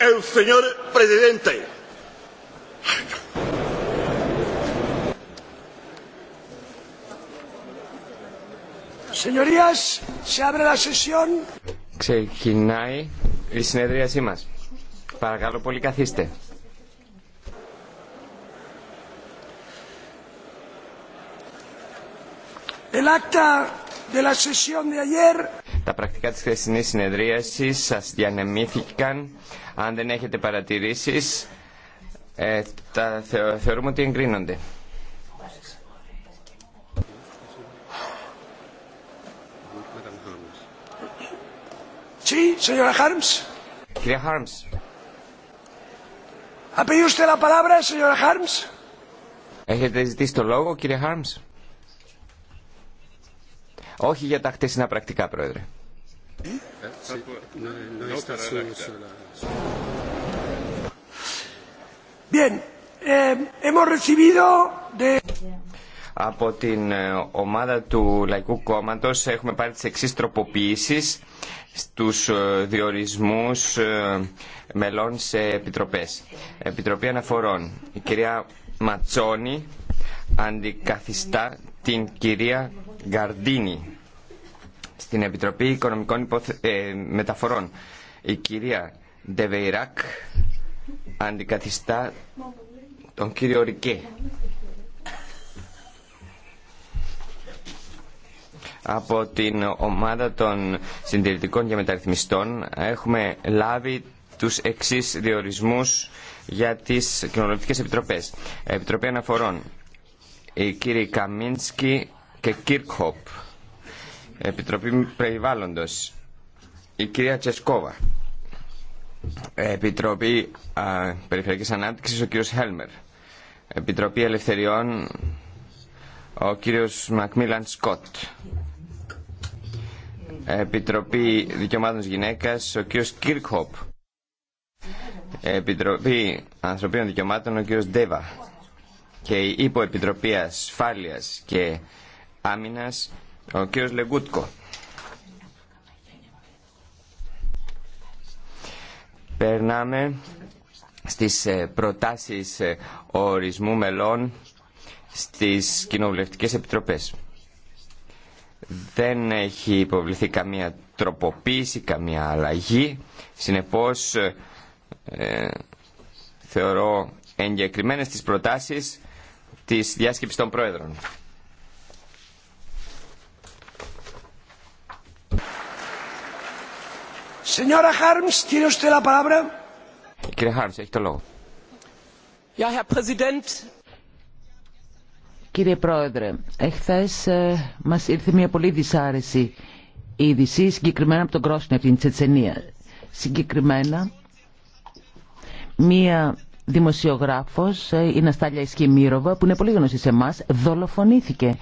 El señor presidente. Señorías, se abre la sesión. Ξεκινάει η συνεδρίασή μας. Παρακαλώ πολύ καθίστε. El acta τα πρακτικά της χθεσινής συνεδρίασης σας διανεμήθηκαν. Αν δεν έχετε παρατηρήσεις, ε, τα θεω, θεωρούμε ότι εγκρίνονται. Sí, señora Harms. Κυρία Χάρμς. ¿Ha τη usted la Χάρμς. Έχετε ζητήσει το λόγο, κύριε Χάρμς. Όχι για τα χτεσινά πρακτικά, Πρόεδρε. Eh, Από την ε, ομάδα του Λαϊκού Κόμματος έχουμε πάρει τις εξής τροποποιήσεις στους ε, διορισμούς ε, μελών σε επιτροπές. Επιτροπή Αναφορών. Η κυρία Ματσόνη αντικαθιστά την κυρία Γκαρντίνη στην Επιτροπή Οικονομικών ε, Μεταφορών. Η κυρία Ντεβεϊράκ αντικαθιστά τον κύριο Ρικέ. Από την ομάδα των συντηρητικών και μεταρρυθμιστών έχουμε λάβει τους εξής διορισμούς για τις κοινωνικές επιτροπές. Επιτροπή Αναφορών, οι κύριοι Καμίνσκι και Κίρκχοπ. Επιτροπή Περιβάλλοντος. Η κυρία Τσεσκόβα. Επιτροπή α, Περιφερειακής Ανάπτυξης, ο κύριος Χέλμερ. Επιτροπή Ελευθεριών, ο κύριος Μακμίλαν Σκότ. Επιτροπή Δικαιωμάτων της Γυναίκας, ο κύριος Κίρκχοπ. Επιτροπή Ανθρωπίνων Δικαιωμάτων, ο κύριος Ντέβα και η Υποεπιτροπή Ασφάλειας και Άμυνας, ο κ. Λεγκούτκο. Περνάμε στις ε, προτάσεις ε, ορισμού μελών στις κοινοβουλευτικές επιτροπές. Δεν έχει υποβληθεί καμία τροποποίηση, καμία αλλαγή. Συνεπώς, ε, θεωρώ εγκεκριμένες τις προτάσεις της διάσκεψης των πρόεδρων. Σενιόρα Χάρμς, κύριο usted παράβρα. Κύριε Χάρμς, έχει το λόγο. Ja, Herr Präsident. Κύριε Πρόεδρε, εχθές ε, μας ήρθε μια πολύ δυσάρεση είδηση, συγκεκριμένα από τον Κρόσνευ, από την Τσετσενία. Συγκεκριμένα, μια δημοσιογράφος ε, η Ναστάλια Ισχυμύροβα που είναι πολύ γνωστή σε εμά, δολοφονήθηκε